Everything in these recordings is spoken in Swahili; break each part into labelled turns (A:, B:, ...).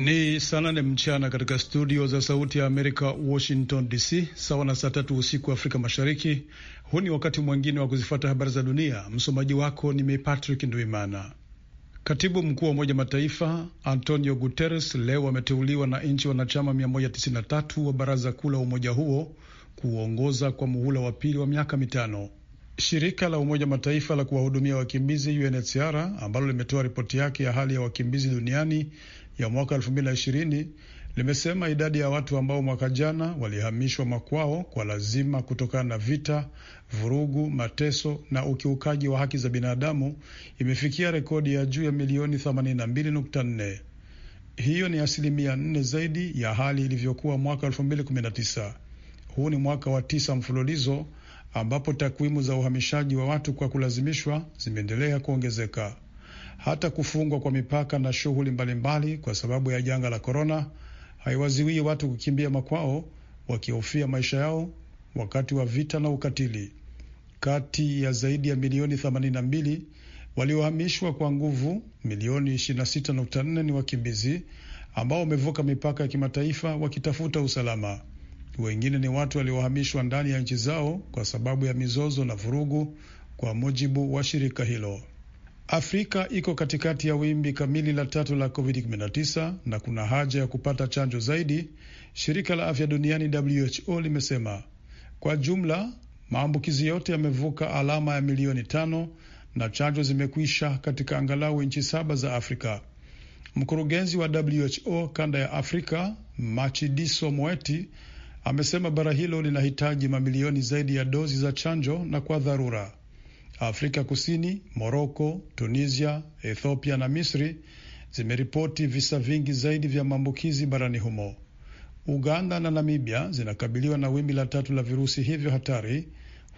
A: Ni saa nane mchana katika studio za Sauti ya Amerika, Washington DC, sawa na saa tatu usiku wa Afrika Mashariki. Huu ni wakati mwingine wa kuzifuata habari za dunia. Msomaji wako ni mimi Patrick Ndwimana. Katibu mkuu wa Umoja Mataifa Antonio Guterres leo ameteuliwa na nchi wanachama 193 wa Baraza Kuu la umoja huo kuongoza kwa muhula wa pili wa miaka mitano. Shirika la Umoja Mataifa la kuwahudumia wakimbizi UNHCR ambalo limetoa ripoti yake ya hali ya wakimbizi duniani ya mwaka 2020 limesema idadi ya watu ambao mwaka jana walihamishwa makwao kwa lazima kutokana na vita, vurugu, mateso na ukiukaji wa haki za binadamu imefikia rekodi ya juu ya milioni 82.4. Hiyo ni asilimia nne zaidi ya hali ilivyokuwa mwaka 2019. Huu ni mwaka wa tisa mfululizo ambapo takwimu za uhamishaji wa watu kwa kulazimishwa zimeendelea kuongezeka. Hata kufungwa kwa mipaka na shughuli mbalimbali kwa sababu ya janga la korona haiwaziwii watu kukimbia makwao wakihofia maisha yao wakati wa vita na ukatili. Kati ya zaidi ya milioni 82 waliohamishwa kwa nguvu, milioni 26.4 ni wakimbizi ambao wamevuka mipaka ya kimataifa wakitafuta usalama. Wengine ni watu waliohamishwa ndani ya nchi zao kwa sababu ya mizozo na vurugu, kwa mujibu wa shirika hilo. Afrika iko katikati ya wimbi kamili la tatu la COVID-19 na kuna haja ya kupata chanjo zaidi, shirika la afya duniani WHO limesema. Kwa jumla maambukizi yote yamevuka alama ya milioni tano na chanjo zimekwisha katika angalau nchi saba za Afrika. Mkurugenzi wa WHO kanda ya Afrika machidiso Moeti amesema bara hilo linahitaji mamilioni zaidi ya dozi za chanjo na kwa dharura. Afrika Kusini, Moroko, Tunisia, Ethiopia na Misri zimeripoti visa vingi zaidi vya maambukizi barani humo. Uganda na Namibia zinakabiliwa na wimbi la tatu la virusi hivyo hatari,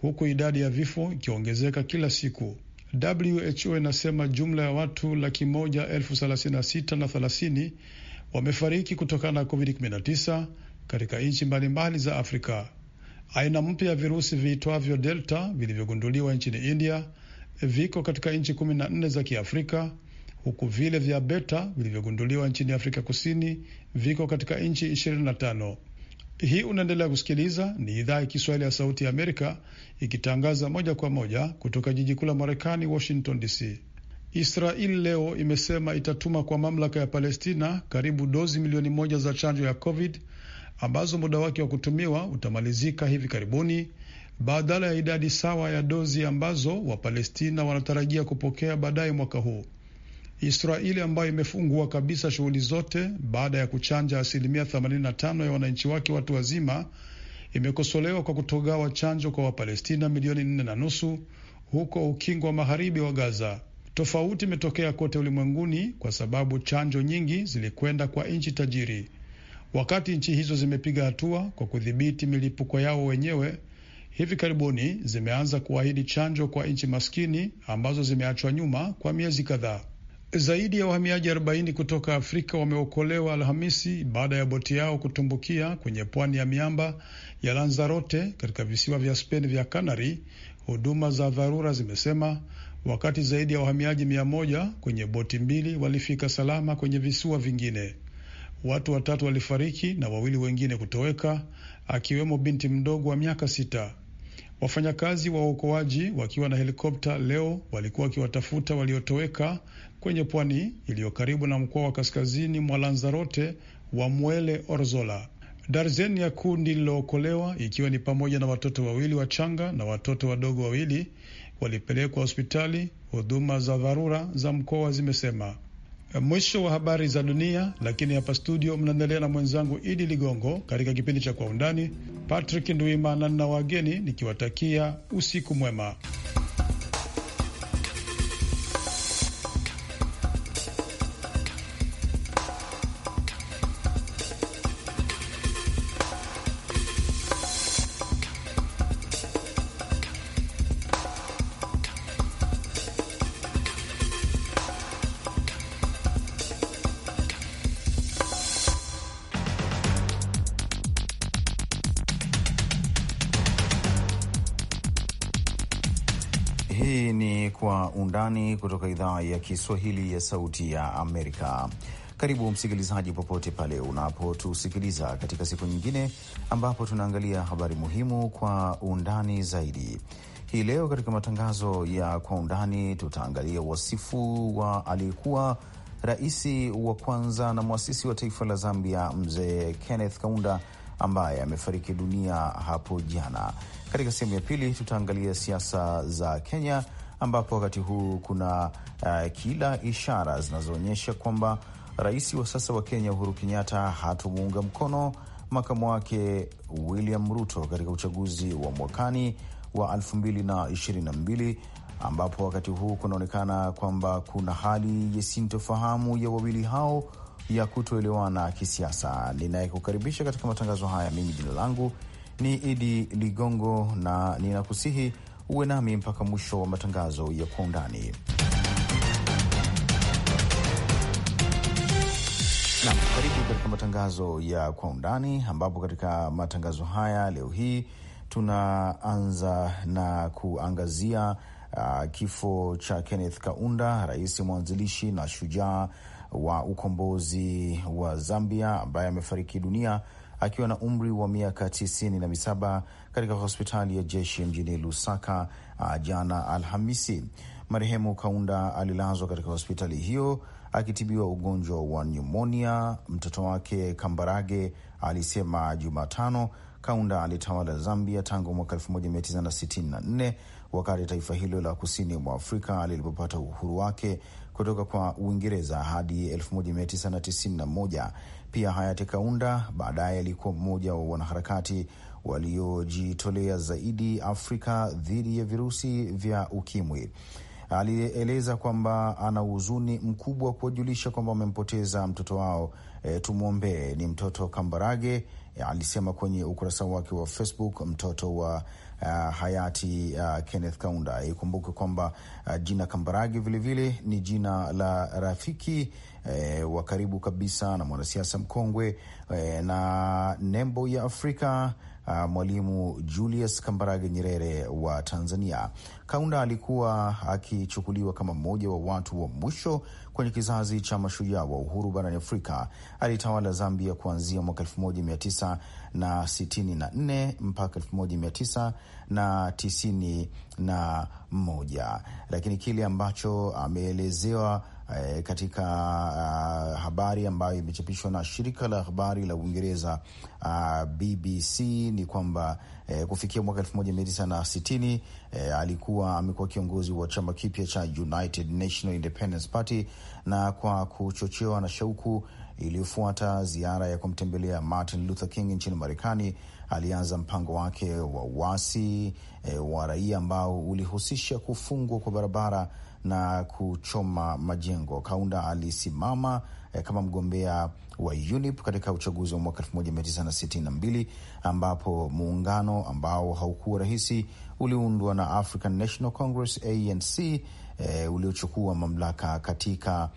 A: huku idadi ya vifo ikiongezeka kila siku. WHO inasema jumla ya watu laki moja elfu thelathini na sita na thelathini wamefariki kutokana na COVID-19 katika nchi mbalimbali za Afrika. Aina mpya ya virusi viitwavyo Delta vilivyogunduliwa nchini India viko katika nchi kumi na nne za Kiafrika, huku vile vya Beta vilivyogunduliwa nchini Afrika Kusini viko katika nchi ishirini na tano. Hii unaendelea kusikiliza, ni idhaa ya Kiswahili ya Sauti ya Amerika ikitangaza moja kwa moja kutoka jiji kuu la Marekani, Washington DC. Israeli leo imesema itatuma kwa mamlaka ya Palestina karibu dozi milioni moja za chanjo ya COVID ambazo muda wake wa kutumiwa utamalizika hivi karibuni badala ya idadi sawa ya dozi ambazo Wapalestina wanatarajia kupokea baadaye mwaka huu. Israeli ambayo imefungua kabisa shughuli zote baada ya kuchanja asilimia 85 ya wananchi wake watu wazima imekosolewa kwa kutogawa chanjo kwa Wapalestina milioni nne na nusu huko ukingo wa magharibi wa Gaza. Tofauti imetokea kote ulimwenguni kwa sababu chanjo nyingi zilikwenda kwa nchi tajiri. Wakati nchi hizo zimepiga hatua kwa kudhibiti milipuko yao wenyewe, hivi karibuni zimeanza kuahidi chanjo kwa nchi maskini ambazo zimeachwa nyuma kwa miezi kadhaa. Zaidi ya wahamiaji 40 kutoka Afrika wameokolewa Alhamisi baada ya boti yao kutumbukia kwenye pwani ya miamba ya Lanzarote katika visiwa vya Spain vya Kanari, huduma za dharura zimesema, wakati zaidi ya wahamiaji mia kwenye boti mbili walifika salama kwenye visiwa vingine. Watu watatu walifariki na wawili wengine kutoweka, akiwemo binti mdogo wa miaka sita. Wafanyakazi wa uokoaji wakiwa na helikopta leo walikuwa wakiwatafuta waliotoweka kwenye pwani iliyo karibu na mkoa wa kaskazini mwa Lanzarote wa mwele Orzola. Darzeni ya kundi lililookolewa ikiwa ni pamoja na watoto wawili wachanga na watoto wadogo wawili walipelekwa hospitali, huduma za dharura za mkoa zimesema. Mwisho wa habari za dunia, lakini hapa studio mnaendelea na mwenzangu Idi Ligongo katika kipindi cha Kwa Undani. Patrick Nduimana na wageni nikiwatakia usiku mwema.
B: kutoka idhaa ya Kiswahili ya Sauti ya Amerika. Karibu msikilizaji, popote pale unapotusikiliza katika siku nyingine ambapo tunaangalia habari muhimu kwa undani zaidi. Hii leo katika matangazo ya kwa undani tutaangalia wasifu wa aliyekuwa rais wa kwanza na mwasisi wa taifa la Zambia, mzee Kenneth Kaunda ambaye amefariki dunia hapo jana. Katika sehemu ya pili tutaangalia siasa za Kenya ambapo wakati huu kuna uh, kila ishara zinazoonyesha kwamba rais wa sasa wa Kenya Uhuru Kenyatta hatumuunga mkono makamu wake William Ruto katika uchaguzi wa mwakani wa 2022 ambapo wakati huu kunaonekana kwamba kuna hali ya sintofahamu ya wawili hao ya kutoelewana kisiasa. Ninayekukaribisha katika matangazo haya, mimi jina langu ni Idi Ligongo na ninakusihi Uwe nami mpaka mwisho wa matangazo ya kwa undani. Nam, karibu katika matangazo ya kwa undani, ambapo katika matangazo haya leo hii tunaanza na kuangazia uh, kifo cha Kenneth Kaunda, rais mwanzilishi na shujaa wa ukombozi wa Zambia ambaye amefariki dunia akiwa na umri wa miaka tisini na saba katika hospitali ya jeshi mjini Lusaka ah, jana Alhamisi. Marehemu Kaunda alilazwa katika hospitali hiyo akitibiwa ugonjwa wa nyumonia. Mtoto wake Kambarage alisema Jumatano Kaunda alitawala Zambia tangu mwaka 1964 wakati taifa hilo la kusini mwa Afrika lilipopata uhuru wake kutoka kwa Uingereza hadi 1991 pia hayati Kaunda baadaye alikuwa mmoja wa wanaharakati waliojitolea zaidi Afrika dhidi ya virusi vya ukimwi. Alieleza kwamba ana huzuni mkubwa kuwajulisha kwamba wamempoteza mtoto wao. E, tumwombee. Ni mtoto Kambarage, e, alisema kwenye ukurasa wake wa Facebook, mtoto wa uh, hayati uh, Kenneth Kaunda. Ikumbuke kwamba uh, jina Kambarage vilevile ni jina la rafiki e, wa karibu kabisa na mwanasiasa mkongwe e, na nembo ya Afrika a, ah, Mwalimu Julius Kambarage Nyerere wa Tanzania. Kaunda alikuwa akichukuliwa kama mmoja wa watu wa mwisho kwenye kizazi cha mashujaa wa uhuru barani Afrika. Alitawala Zambia kuanzia mwaka 1964 mpaka 1991, lakini kile ambacho ameelezewa eh, katika uh, habari ambayo imechapishwa na shirika la habari la Uingereza uh, ah, BBC ni kwamba eh, kufikia mwaka elfu moja mia tisa na sitini eh, alikuwa amekuwa kiongozi wa chama kipya cha United National Independence Party, na kwa kuchochewa na shauku iliyofuata ziara ya kumtembelea Martin Luther King nchini Marekani alianza mpango wake wa uasi e, wa raia ambao ulihusisha kufungwa kwa barabara na kuchoma majengo. Kaunda alisimama e, kama mgombea wa UNIP katika uchaguzi wa mwaka 1962 ambapo muungano ambao haukuwa rahisi uliundwa na African National Congress ANC, e, uliochukua mamlaka katika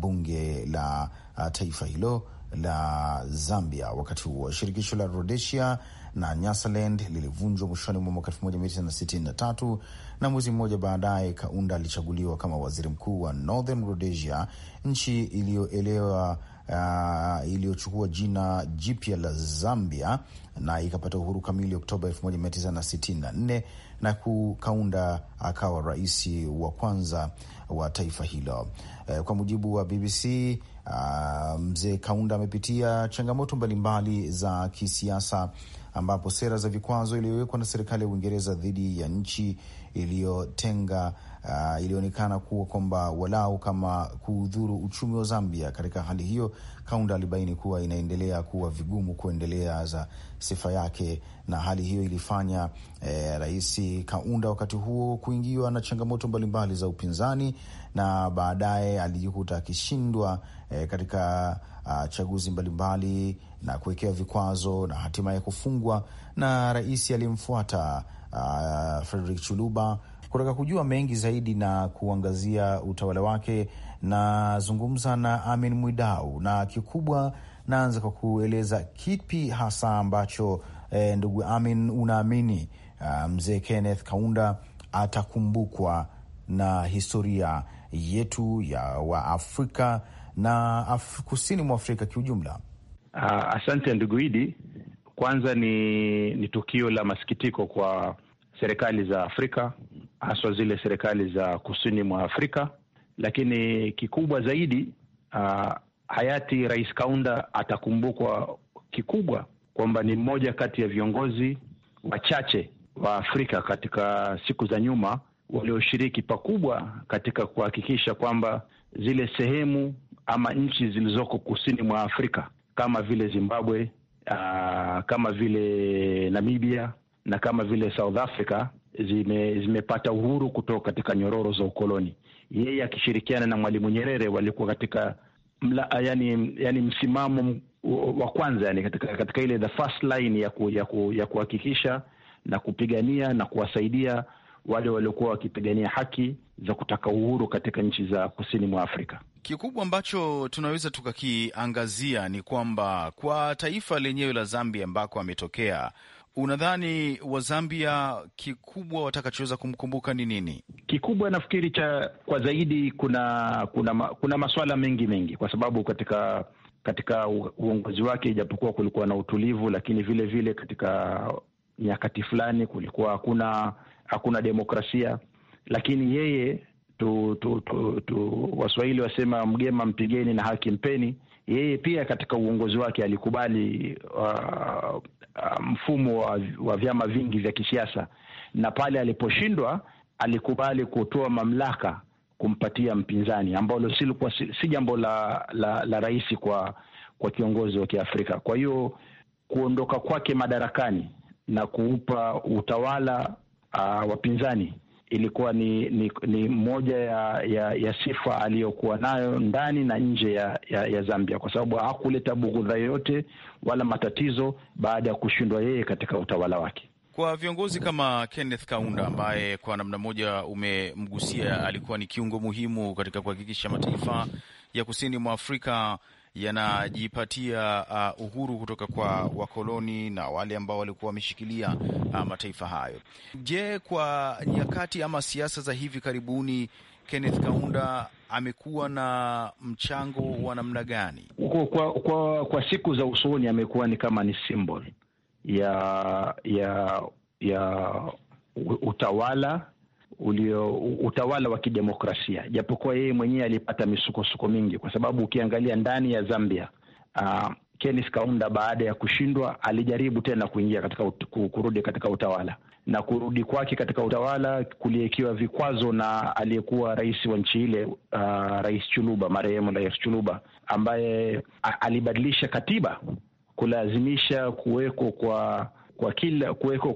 B: bunge la taifa hilo la Zambia. Wakati huo shirikisho la Rhodesia na Nyasaland lilivunjwa mwishoni mwa mwaka 1963 na mwezi mmoja baadaye Kaunda alichaguliwa kama waziri mkuu wa Northern Rhodesia, nchi iliyoelewa Uh, iliyochukua jina jipya la Zambia na ikapata uhuru kamili Oktoba 1964 na, na kukaunda akawa rais wa kwanza wa taifa hilo. Uh, kwa mujibu wa BBC uh, ah, mzee Kaunda amepitia changamoto mbalimbali za kisiasa ambapo sera za vikwazo iliyowekwa na serikali ya Uingereza dhidi ya nchi iliyotenga uh, ilionekana kuwa kwamba walau kama kuudhuru uchumi wa Zambia. Katika hali hiyo, Kaunda alibaini kuwa inaendelea kuwa vigumu kuendelea za sifa yake, na hali hiyo ilifanya eh, Rais Kaunda wakati huo kuingiwa na changamoto mbalimbali za upinzani, na baadaye alijikuta akishindwa eh, katika Uh, chaguzi mbalimbali na kuwekewa vikwazo na hatimaye kufungwa, na rais aliyemfuata uh, Frederick Chuluba Kutaka kujua mengi zaidi na kuangazia utawala wake, nazungumza na Amin Mwidau, na kikubwa naanza kwa kueleza kipi hasa ambacho eh, ndugu Amin unaamini uh, mzee Kenneth Kaunda atakumbukwa na historia yetu ya Waafrika na Af kusini mwa Afrika kiujumla.
C: Uh, asante ndugu Idi. Kwanza ni, ni tukio la masikitiko kwa serikali za Afrika haswa zile serikali za kusini mwa Afrika. Lakini kikubwa zaidi uh, hayati Rais Kaunda atakumbukwa kikubwa kwamba ni mmoja kati ya viongozi wachache wa Afrika katika siku za nyuma walioshiriki pakubwa katika kuhakikisha kwamba zile sehemu ama nchi zilizoko kusini mwa Afrika kama vile Zimbabwe, aa, uh, kama vile Namibia na kama vile South Africa zime, zimepata uhuru kutoka katika nyororo za ukoloni. Yeye akishirikiana na Mwalimu Nyerere walikuwa katika mla, yani, yani msimamo wa kwanza yani katika, katika ile the first line ya, ku, ya, ku, ya kuhakikisha na kupigania na kuwasaidia wale waliokuwa wakipigania haki za kutaka uhuru katika nchi za kusini mwa Afrika.
B: Kikubwa ambacho tunaweza tukakiangazia ni kwamba kwa taifa lenyewe la Zambia ambako ametokea Unadhani Wazambia kikubwa watakachoweza kumkumbuka ni nini?
C: Kikubwa nafikiri cha kwa zaidi, kuna kuna kuna masuala mengi mengi, kwa sababu katika katika uongozi wake ijapokuwa kulikuwa na utulivu, lakini vile vile katika nyakati fulani kulikuwa hakuna hakuna demokrasia, lakini yeye tu, tu, tu, tu, Waswahili wasema mgema mpigeni na haki mpeni. Yeye pia katika uongozi wake alikubali uh, Uh, mfumo wa, wa vyama vingi vya kisiasa, na pale aliposhindwa alikubali kutoa mamlaka kumpatia mpinzani, ambalo si jambo la, la, la rahisi kwa kwa kiongozi wa Kiafrika. Kwa hiyo kuondoka kwake madarakani na kuupa utawala uh, wapinzani ilikuwa ni, ni, ni moja ya, ya, ya sifa aliyokuwa nayo ndani na nje ya, ya, ya Zambia, kwa sababu hakuleta bughudha yoyote wala matatizo baada ya kushindwa yeye katika utawala wake.
B: Kwa viongozi kama Kenneth Kaunda ambaye kwa namna moja umemgusia, alikuwa ni kiungo muhimu katika kuhakikisha mataifa ya kusini mwa Afrika yanajipatia uh, uhuru kutoka kwa wakoloni na wale ambao walikuwa wameshikilia uh, mataifa hayo. Je, kwa nyakati ama siasa za hivi karibuni Kenneth Kaunda amekuwa na mchango wa namna gani?
C: Kwa, kwa, kwa, kwa siku za usoni amekuwa ni kama ni symbol ya ya ya utawala ulio utawala wa kidemokrasia, japokuwa yeye mwenyewe alipata misukosuko mingi, kwa sababu ukiangalia ndani ya Zambia uh, ah, Kenis Kaunda baada ya kushindwa alijaribu tena kuingia katika kurudi katika utawala, na kurudi kwake katika utawala kuliwekiwa vikwazo na aliyekuwa rais wa nchi ile uh, Rais Chuluba, marehemu Rais Chuluba, ambaye alibadilisha katiba kulazimisha kuweko kwa kwa kila kuweko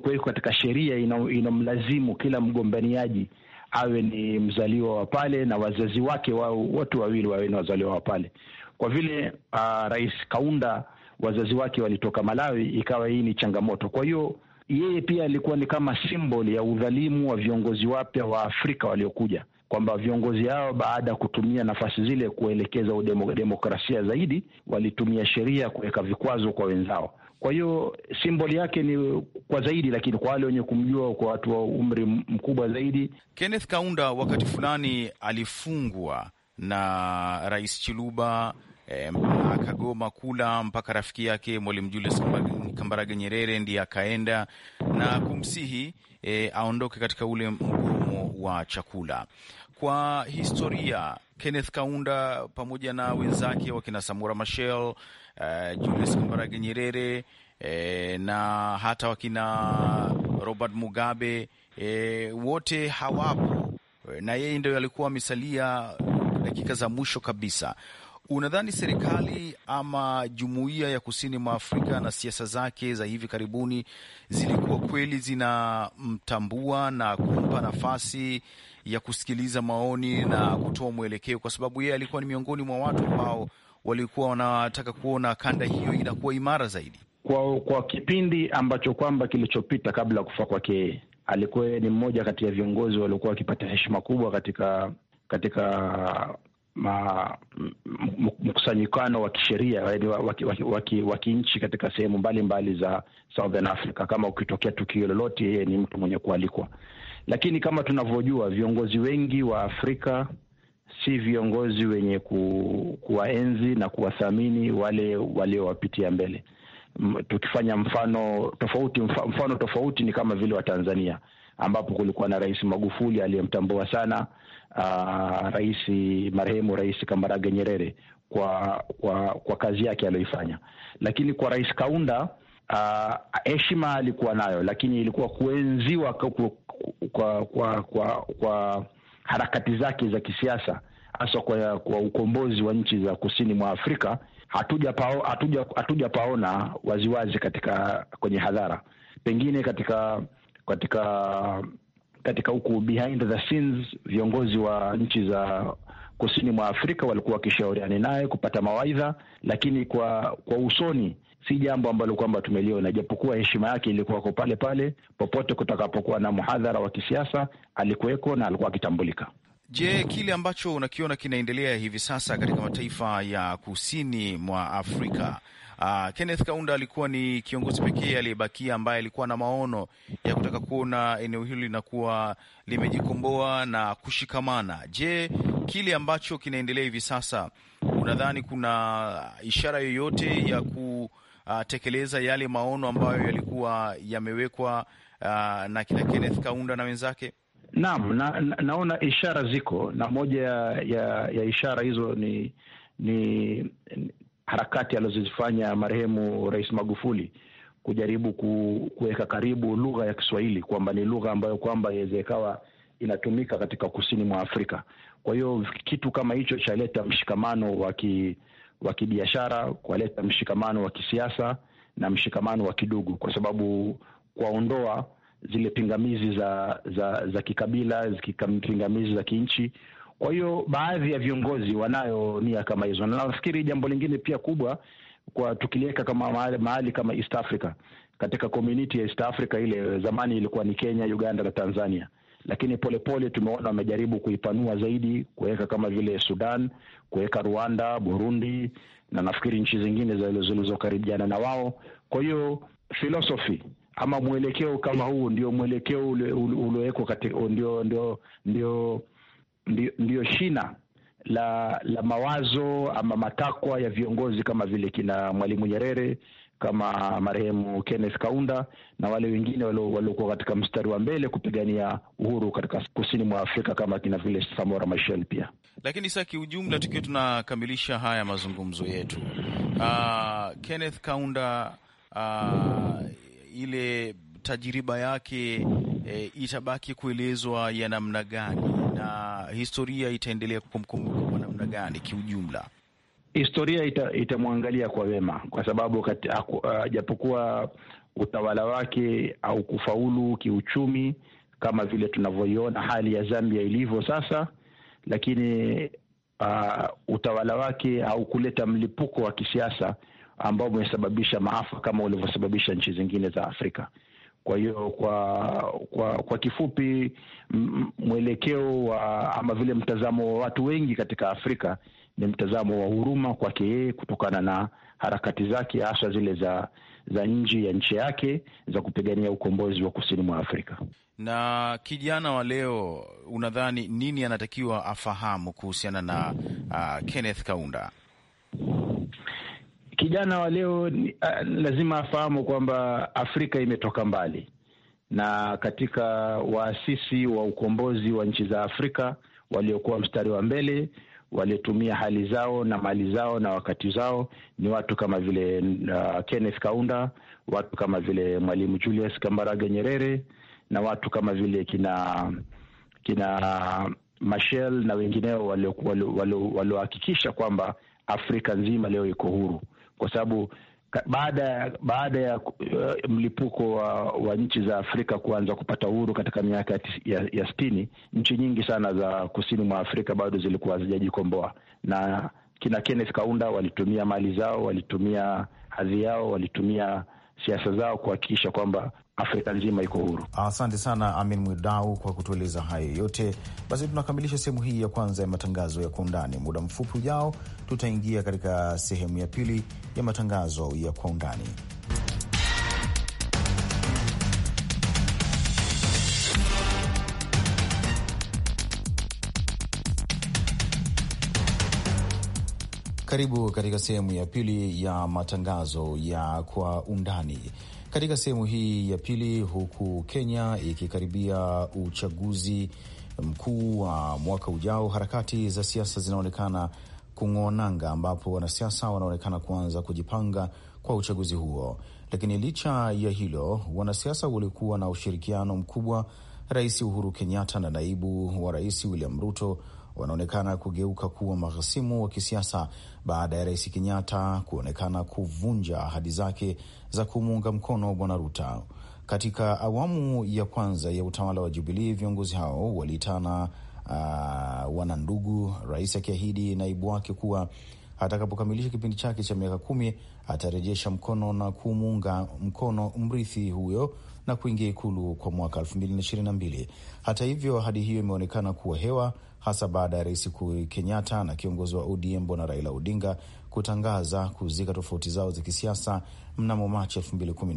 C: kuweko katika sheria inamlazimu kila mgombaniaji awe ni mzaliwa wa pale na wazazi wake wao wote wawili wawe ni wazaliwa wa pale. Kwa vile uh, Rais Kaunda wazazi wake walitoka Malawi, ikawa hii ni changamoto. Kwa hiyo yeye pia alikuwa ni kama symbol ya udhalimu wa viongozi wapya wa Afrika waliokuja, kwamba viongozi hao baada ya kutumia nafasi zile kuelekeza udemokrasia zaidi, walitumia sheria kuweka vikwazo kwa wenzao. Kwa hiyo simboli yake ni kwa zaidi, lakini kwa wale wenye kumjua, kwa watu
B: wa umri mkubwa zaidi. Kenneth Kaunda wakati fulani alifungwa na Rais Chiluba eh, akagoma kula mpaka rafiki yake Mwalimu Julius Kambarage Nyerere ndiye akaenda na kumsihi eh, aondoke katika ule mgomo wa chakula kwa historia Kenneth Kaunda pamoja na wenzake wakina samura Machel, uh, Julius Kambarage Nyerere eh, na hata wakina Robert Mugabe eh, wote hawapo eh, na yeye ndio alikuwa amesalia dakika za mwisho kabisa. Unadhani serikali ama jumuiya ya kusini mwa Afrika na siasa zake za hivi karibuni zilikuwa kweli zinamtambua na kumpa nafasi ya kusikiliza maoni na kutoa mwelekeo, kwa sababu yeye alikuwa ni miongoni mwa watu ambao walikuwa wanataka kuona kanda hiyo inakuwa imara zaidi.
C: Kwa, kwa kipindi ambacho kwamba kilichopita kabla ya kufa kwake yeye, alikuwa ni mmoja kati ya viongozi waliokuwa wakipata heshima kubwa katika katika mkusanyikano wa kisheria wa kinchi katika sehemu mbalimbali za Southern Africa. Kama ukitokea tukio lolote, yeye ni mtu mwenye kualikwa. Lakini kama tunavyojua, viongozi wengi wa Afrika si viongozi wenye ku, kuwaenzi na kuwathamini wale waliowapitia mbele. Tukifanya mfano tofauti, mfano tofauti ni kama vile wa Tanzania ambapo kulikuwa na Rais Magufuli aliyemtambua sana rais marehemu Rais Kambarage Nyerere kwa, kwa, kwa kazi yake aliyoifanya, lakini kwa Rais Kaunda Ah, heshima uh, alikuwa nayo, lakini ilikuwa kuenziwa kwa, kwa, kwa, kwa, kwa harakati zake za kisiasa hasa kwa, kwa ukombozi wa nchi za kusini mwa Afrika hatuja pao, hatuja, hatuja paona waziwazi katika kwenye hadhara, pengine katika katika katika huku behind the scenes viongozi wa nchi za kusini mwa Afrika walikuwa wakishauriani naye kupata mawaidha, lakini kwa kwa usoni si jambo ambalo kwamba tumeliona, japokuwa heshima yake ilikuwa ko pale pale. Popote kutakapokuwa na mhadhara wa kisiasa alikuweko na alikuwa akitambulika.
B: Je, kile ambacho unakiona kinaendelea hivi sasa katika mataifa ya kusini mwa Afrika? Uh, Kenneth Kaunda alikuwa ni kiongozi pekee aliyebakia ambaye alikuwa na maono ya kutaka kuona eneo hilo linakuwa limejikomboa na kushikamana. Je, kile ambacho kinaendelea hivi sasa, unadhani kuna ishara yoyote ya kutekeleza yale maono ambayo yalikuwa yamewekwa uh, na kina Kenneth Kaunda na wenzake?
C: Naam, na, naona ishara ziko na moja ya, ya ishara hizo ni ni harakati alizozifanya marehemu Rais Magufuli kujaribu kuweka karibu lugha ya Kiswahili kwamba ni lugha ambayo kwamba iweze ikawa inatumika katika kusini mwa Afrika. Kwa hiyo kitu kama hicho chaleta mshikamano wa kibiashara, kwaleta mshikamano wa kisiasa na mshikamano wa kidugu, kwa sababu kwaondoa zile pingamizi za za za kikabila, pingamizi za kinchi. Kwa hiyo baadhi ya viongozi wanayo nia kama hizo, na nafikiri jambo lingine pia kubwa kwa tukiliweka kama mahali, mahali kama East Africa katika community ya East Africa ile zamani ilikuwa ni Kenya, Uganda na Tanzania, lakini polepole tumeona wamejaribu kuipanua zaidi, kuweka kama vile Sudan, kuweka Rwanda, Burundi na nafikiri nchi zingine zilizokaribiana na wao. Kwa hiyo filosofi ama mwelekeo kama huu ndio mwelekeo uliowekwa, ndio, ndio, ndio, ndio, ndio shina la la mawazo ama matakwa ya viongozi kama vile kina Mwalimu Nyerere, kama marehemu Kenneth Kaunda na wale wengine waliokuwa katika mstari wa mbele kupigania uhuru katika kusini mwa Afrika kama kina vile Samora Machel pia.
B: Lakini sasa kiujumla, tukiwa tunakamilisha haya mazungumzo yetu, uh, Kenneth Kaunda uh, ile tajiriba yake e, itabaki kuelezwa ya namna gani na historia itaendelea kumkumbuka kwa namna gani kiujumla?
C: Historia itamwangalia ita kwa wema, kwa sababu uh, japokuwa utawala wake au kufaulu kiuchumi kama vile tunavyoiona hali ya Zambia ilivyo sasa, lakini uh, utawala wake au kuleta mlipuko wa kisiasa ambao umesababisha maafa kama ulivyosababisha nchi zingine za Afrika. Kwa hiyo kwa kwa kwa kifupi, mwelekeo wa ama vile mtazamo wa watu wengi katika Afrika ni mtazamo wa huruma kwake yeye kutokana na harakati zake hasa zile za za nje ya nchi yake za kupigania ukombozi wa kusini mwa Afrika.
B: Na kijana wa leo, unadhani nini anatakiwa afahamu kuhusiana na uh, Kenneth Kaunda?
C: kijana wa leo uh, lazima afahamu kwamba Afrika imetoka mbali, na katika waasisi wa ukombozi wa nchi za Afrika waliokuwa mstari wa mbele waliotumia hali zao na mali zao na wakati zao ni watu kama vile uh, Kenneth Kaunda, watu kama vile Mwalimu Julius Kambarage Nyerere na watu kama vile kina kina Machel na wengineo waliohakikisha kwamba Afrika nzima leo iko huru kwa sababu baada baada ya uh, mlipuko wa, wa nchi za Afrika kuanza kupata uhuru katika miaka ya, ya sitini, nchi nyingi sana za kusini mwa Afrika bado zilikuwa hazijajikomboa, na kina Kenneth Kaunda walitumia mali zao, walitumia hadhi yao, walitumia siasa zao kuhakikisha kwamba Afrika nzima iko huru.
B: Asante sana Amin Mwidau kwa kutueleza hayo yote. Basi tunakamilisha sehemu hii ya kwanza ya matangazo ya kwa undani. Muda mfupi ujao, tutaingia katika sehemu ya pili ya matangazo ya kwa undani. Karibu katika sehemu ya pili ya matangazo ya kwa undani katika sehemu hii ya pili, huku Kenya ikikaribia uchaguzi mkuu wa mwaka ujao, harakati za siasa zinaonekana kungonanga ambapo wanasiasa wanaonekana kuanza kujipanga kwa uchaguzi huo. Lakini licha ya hilo, wanasiasa walikuwa na ushirikiano mkubwa, Rais Uhuru Kenyatta na naibu wa rais William Ruto wanaonekana kugeuka kuwa maghasimu wa kisiasa baada ya Rais Kenyatta kuonekana kuvunja ahadi zake za kumuunga mkono Bwana Ruta. Katika awamu ya kwanza ya utawala wa Jubilii, viongozi hao waliitana uh, wanandugu, rais akiahidi naibu wake kuwa atakapokamilisha kipindi chake cha miaka kumi atarejesha mkono na kumuunga mkono mrithi huyo na kuingia ikulu kwa mwaka elfu mbili na ishirini na mbili. Hata hivyo, ahadi hiyo imeonekana kuwa hewa hasa baada ya Rais Kenyatta na kiongozi wa ODM Bwana Raila Odinga kutangaza kuzika tofauti zao za kisiasa mnamo Machi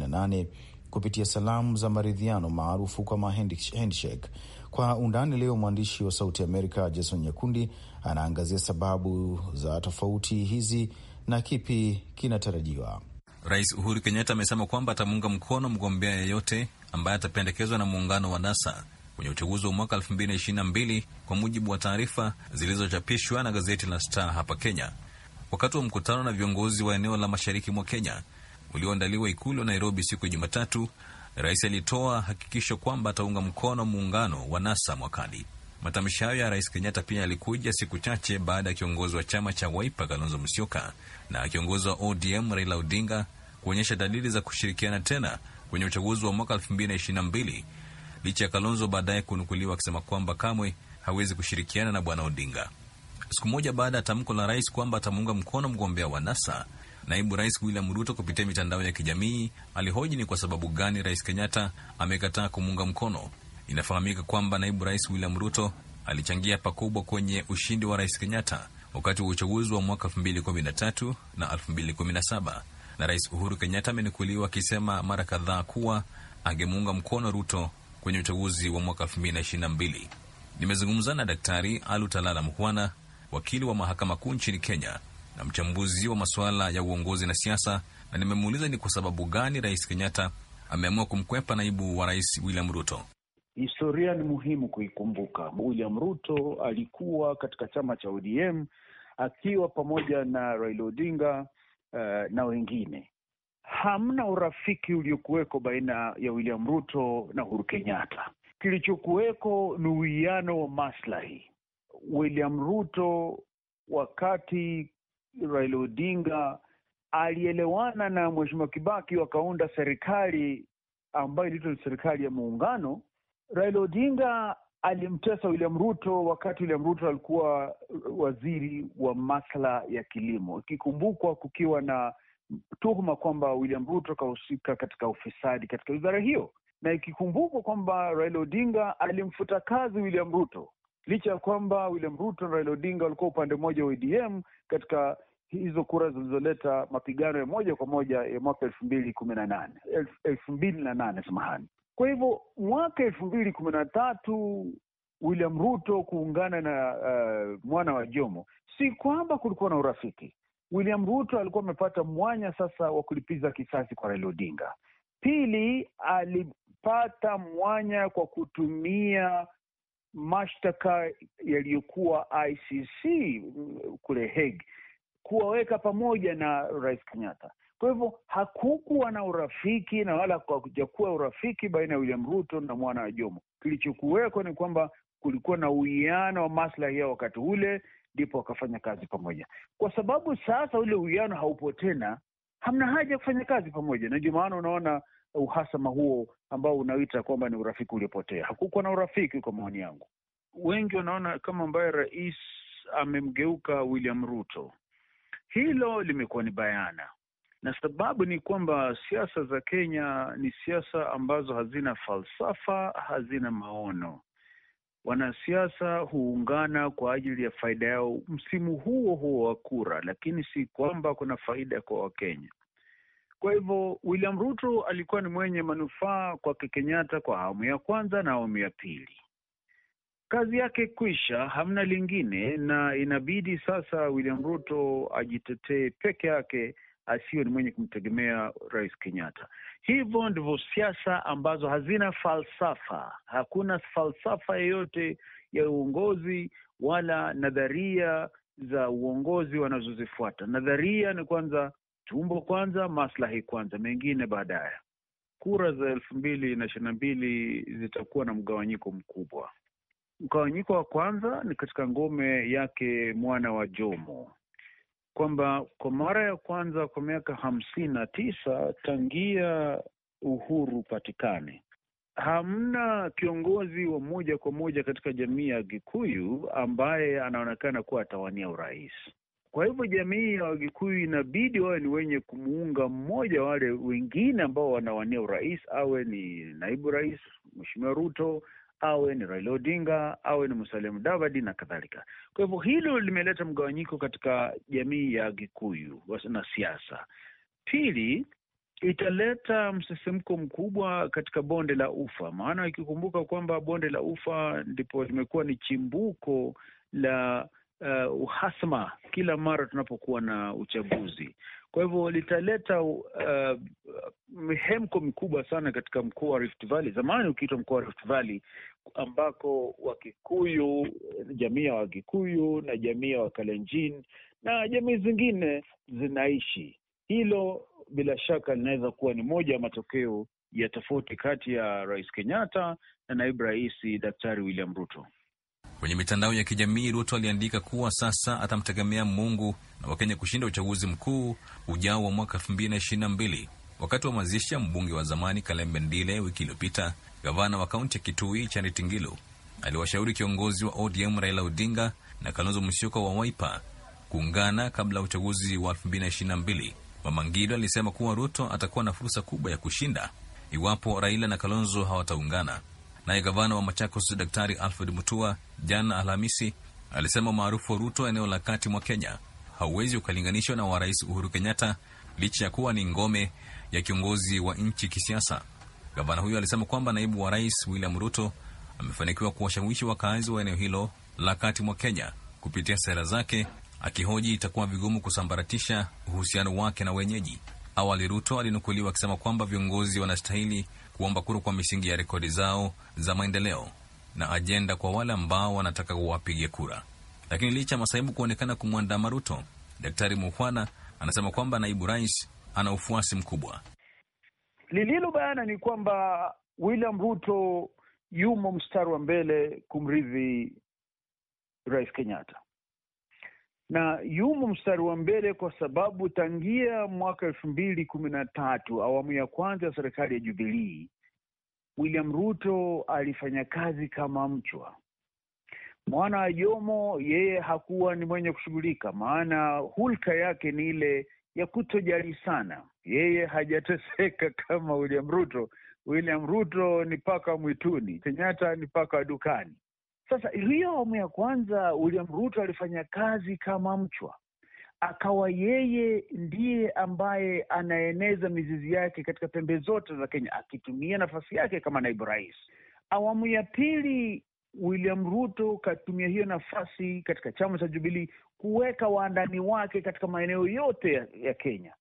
B: nane kupitia salamu za maridhiano maarufu kama handshake. Kwa undani leo, mwandishi wa Sauti Amerika Jason Nyakundi anaangazia sababu za tofauti hizi na kipi kinatarajiwa.
D: Rais Uhuru Kenyatta amesema kwamba atamuunga mkono mgombea yeyote ambaye atapendekezwa na muungano wa NASA kwenye uchaguzi wa mwaka 2022 kwa mujibu wa taarifa zilizochapishwa na gazeti la Star hapa Kenya. Wakati wa mkutano na viongozi wa eneo la mashariki mwa Kenya ulioandaliwa ikulu ya Nairobi siku ya Jumatatu, rais alitoa hakikisho kwamba ataunga mkono muungano wa NASA mwakani. Matamshi hayo ya rais Kenyatta pia yalikuja siku chache baada ya kiongozi wa chama cha Wiper Kalonzo Musyoka na kiongozi wa ODM Raila Odinga kuonyesha dalili za kushirikiana tena kwenye uchaguzi wa mwaka licha ya Kalonzo baadaye kunukuliwa akisema kwamba kamwe hawezi kushirikiana na bwana Odinga. Siku moja baada ya tamko la rais kwamba atamuunga mkono mgombea wa NASA, naibu rais William Ruto kupitia mitandao ya kijamii alihoji ni kwa sababu gani rais Kenyatta amekataa kumuunga mkono. Inafahamika kwamba naibu rais William Ruto alichangia pakubwa kwenye ushindi wa rais Kenyatta wakati wa uchaguzi wa mwaka 2013 na 2017, na rais Uhuru Kenyatta amenukuliwa akisema mara kadhaa kuwa angemuunga mkono Ruto kwenye uchaguzi wa mwaka 2022. Nimezungumza na Daktari Alutalala Mkwana, wakili wa mahakama kuu nchini Kenya na mchambuzi wa masuala ya uongozi na siasa, na nimemuuliza ni kwa sababu gani Rais Kenyatta ameamua kumkwepa naibu wa rais William Ruto.
E: Historia ni muhimu kuikumbuka. William Ruto alikuwa katika chama cha ODM akiwa pamoja na Raila Odinga uh, na wengine hamna urafiki uliokuweko baina ya William Ruto na Uhuru Kenyatta. Kilichokuweko ni uwiano wa maslahi. William Ruto wakati Raila Odinga alielewana na Mheshimiwa Kibaki wakaunda serikali ambayo iliitwa serikali ya muungano. Raila Odinga alimtesa William Ruto wakati William Ruto alikuwa waziri wa masuala ya kilimo, ikikumbukwa kukiwa na tuhuma kwamba William Ruto kahusika katika ufisadi katika wizara hiyo, na ikikumbukwa kwamba Raila Odinga alimfuta kazi William Ruto licha ya kwamba William Ruto na Raila Odinga walikuwa upande mmoja wa ODM katika hizo kura zilizoleta mapigano ya moja kwa moja ya mwaka elfu mbili kumi na nane elfu mbili na nane samahani. Kwa hivyo mwaka elfu mbili kumi na tatu William Ruto kuungana na uh, mwana wa Jomo, si kwamba kulikuwa na urafiki, William Ruto alikuwa amepata mwanya sasa wa kulipiza kisasi kwa Raila Odinga. Pili, alipata mwanya kwa kutumia mashtaka yaliyokuwa ICC kule Hague kuwaweka pamoja na Rais Kenyatta. Kwa hivyo hakukuwa na urafiki na wala hakujakuwa urafiki baina ya William Ruto na mwana wa Jomo. Kilichokuwekwa ni kwamba kulikuwa na uwiano wa maslahi ya wakati ule ndipo wakafanya kazi pamoja, kwa sababu sasa ule uwiano haupo tena, hamna haja ya kufanya kazi pamoja, na ndio maana unaona uhasama huo ambao unawita kwamba ni urafiki uliopotea. Hakukuwa na urafiki kwa maoni yangu. Wengi wanaona kama ambaye rais amemgeuka William Ruto. Hilo limekuwa ni bayana, na sababu ni kwamba siasa za Kenya ni siasa ambazo hazina falsafa, hazina maono. Wanasiasa huungana kwa ajili ya faida yao msimu huo huo wa kura, lakini si kwamba kuna faida kwa Wakenya. Kwa hivyo William Ruto alikuwa ni mwenye manufaa kwake Kenyatta kwa awamu ya kwanza na awamu ya pili. Kazi yake kwisha, hamna lingine, na inabidi sasa William Ruto ajitetee peke yake asiwe ni mwenye kumtegemea Rais Kenyatta. Hivyo ndivyo siasa ambazo hazina falsafa. Hakuna falsafa yoyote ya uongozi wala nadharia za uongozi wanazozifuata. Nadharia ni kwanza tumbo kwanza, maslahi kwanza, mengine baadaye. Kura za elfu mbili na ishirini na mbili zitakuwa na mgawanyiko mkubwa. Mgawanyiko wa kwanza ni katika ngome yake mwana wa Jomo kwamba kwa mara ya kwanza kwa miaka hamsini na tisa tangia uhuru upatikane hamna kiongozi wa moja kwa moja katika jamii ya Gikuyu ambaye anaonekana kuwa atawania urais. Kwa hivyo jamii ya Wagikuyu inabidi wawe ni wenye kumuunga mmoja wale wengine ambao wanawania urais, awe ni naibu rais Mheshimiwa Ruto awe ni Raila Odinga, awe ni Musalia Mudavadi na kadhalika. Kwa hivyo hilo limeleta mgawanyiko katika jamii ya Gikuyu na siasa. Pili, italeta msisimko mkubwa katika bonde la Ufa, maana ikikumbuka kwamba bonde la Ufa ndipo limekuwa ni chimbuko la uh, uhasama kila mara tunapokuwa na uchaguzi. Kwa hivyo litaleta uh, mihemko mikubwa sana katika mkoa wa Rift Valley, zamani ukiitwa mkoa wa Rift Valley, ambako Wakikuyu, jamii ya Wakikuyu na jamii ya Wakalenjin na jamii zingine zinaishi. Hilo bila shaka linaweza kuwa ni moja ya matokeo ya tofauti kati ya Rais Kenyatta na naibu rais Daktari William Ruto.
D: Kwenye mitandao ya kijamii, Ruto aliandika kuwa sasa atamtegemea Mungu na Wakenya kushinda uchaguzi mkuu ujao wa mwaka elfu mbili na ishirini na mbili. Wakati wa mazishi ya mbunge wa zamani Kalembe Ndile wiki iliyopita, gavana wa kaunti ya Kitui Charity Ngilu aliwashauri kiongozi wa ODM Raila Odinga na Kalonzo Musyoka wa waipa kuungana kabla ya uchaguzi wa 2022. Mama Ngilu alisema kuwa Ruto atakuwa na fursa kubwa ya kushinda iwapo Raila na Kalonzo hawataungana. Naye gavana wa Machakos Daktari Alfred Mutua jana Alhamisi alisema umaarufu wa Ruto eneo la kati mwa Kenya hauwezi ukalinganishwa na wa Rais Uhuru Kenyatta licha ya kuwa ni ngome ya kiongozi wa nchi kisiasa. Gavana huyo alisema kwamba naibu wa rais William Ruto amefanikiwa kuwashawishi wakaazi wa eneo hilo la kati mwa Kenya kupitia sera zake, akihoji itakuwa vigumu kusambaratisha uhusiano wake na wenyeji. Awali Ruto alinukuliwa akisema kwamba viongozi wanastahili kuomba kura kwa misingi ya rekodi zao za maendeleo na ajenda kwa wale ambao wanataka wapige kura. Lakini licha ya masaibu kuonekana kumwandaa Ruto, Daktari Mukhwana anasema kwamba naibu rais ana ufuasi mkubwa.
E: Lililo bayana ni kwamba William Ruto yumo mstari wa mbele kumrithi Rais Kenyatta na yumo mstari wa mbele kwa sababu tangia mwaka elfu mbili kumi na tatu awamu ya kwanza ya serikali ya Jubilii, William Ruto alifanya kazi kama mchwa. Mwana wa Jomo yeye hakuwa ni mwenye kushughulika, maana hulka yake ni ile ya kutojali sana. Yeye hajateseka kama William Ruto. William Ruto ni paka mwituni, Kenyatta ni paka dukani. Sasa hiyo awamu ya kwanza William Ruto alifanya kazi kama mchwa, akawa yeye ndiye ambaye anaeneza mizizi yake katika pembe zote za Kenya, akitumia nafasi yake kama naibu rais. Awamu ya pili William Ruto katumia hiyo nafasi katika chama cha Jubilii kuweka waandani wake katika maeneo yote ya Kenya.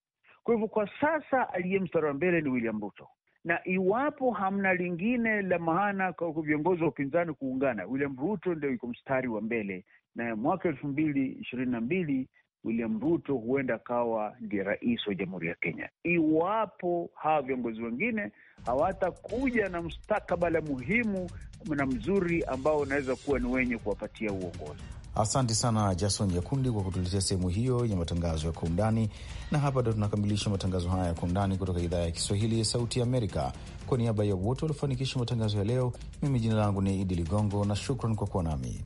E: Kwa hivyo kwa sasa aliye mstari wa mbele ni William Ruto na iwapo hamna lingine la maana kwa viongozi wa upinzani kuungana, William Ruto ndio yuko mstari wa mbele, na mwaka elfu mbili ishirini na mbili William Ruto huenda akawa ndiye rais wa Jamhuri ya Kenya iwapo hawa viongozi wengine hawatakuja na mstakabala muhimu na mzuri ambao unaweza kuwa ni wenye kuwapatia uongozi.
B: Asante sana Jason Yakundi kwa kutuletea sehemu hiyo ya matangazo ya kwa undani, na hapa ndo tunakamilisha matangazo haya ya kwa undani kutoka idhaa ya Kiswahili ya Sauti ya Amerika. Kwa niaba ya wote waliofanikisha matangazo ya leo, mimi jina langu ni Idi Ligongo na shukran kwa kuwa nami.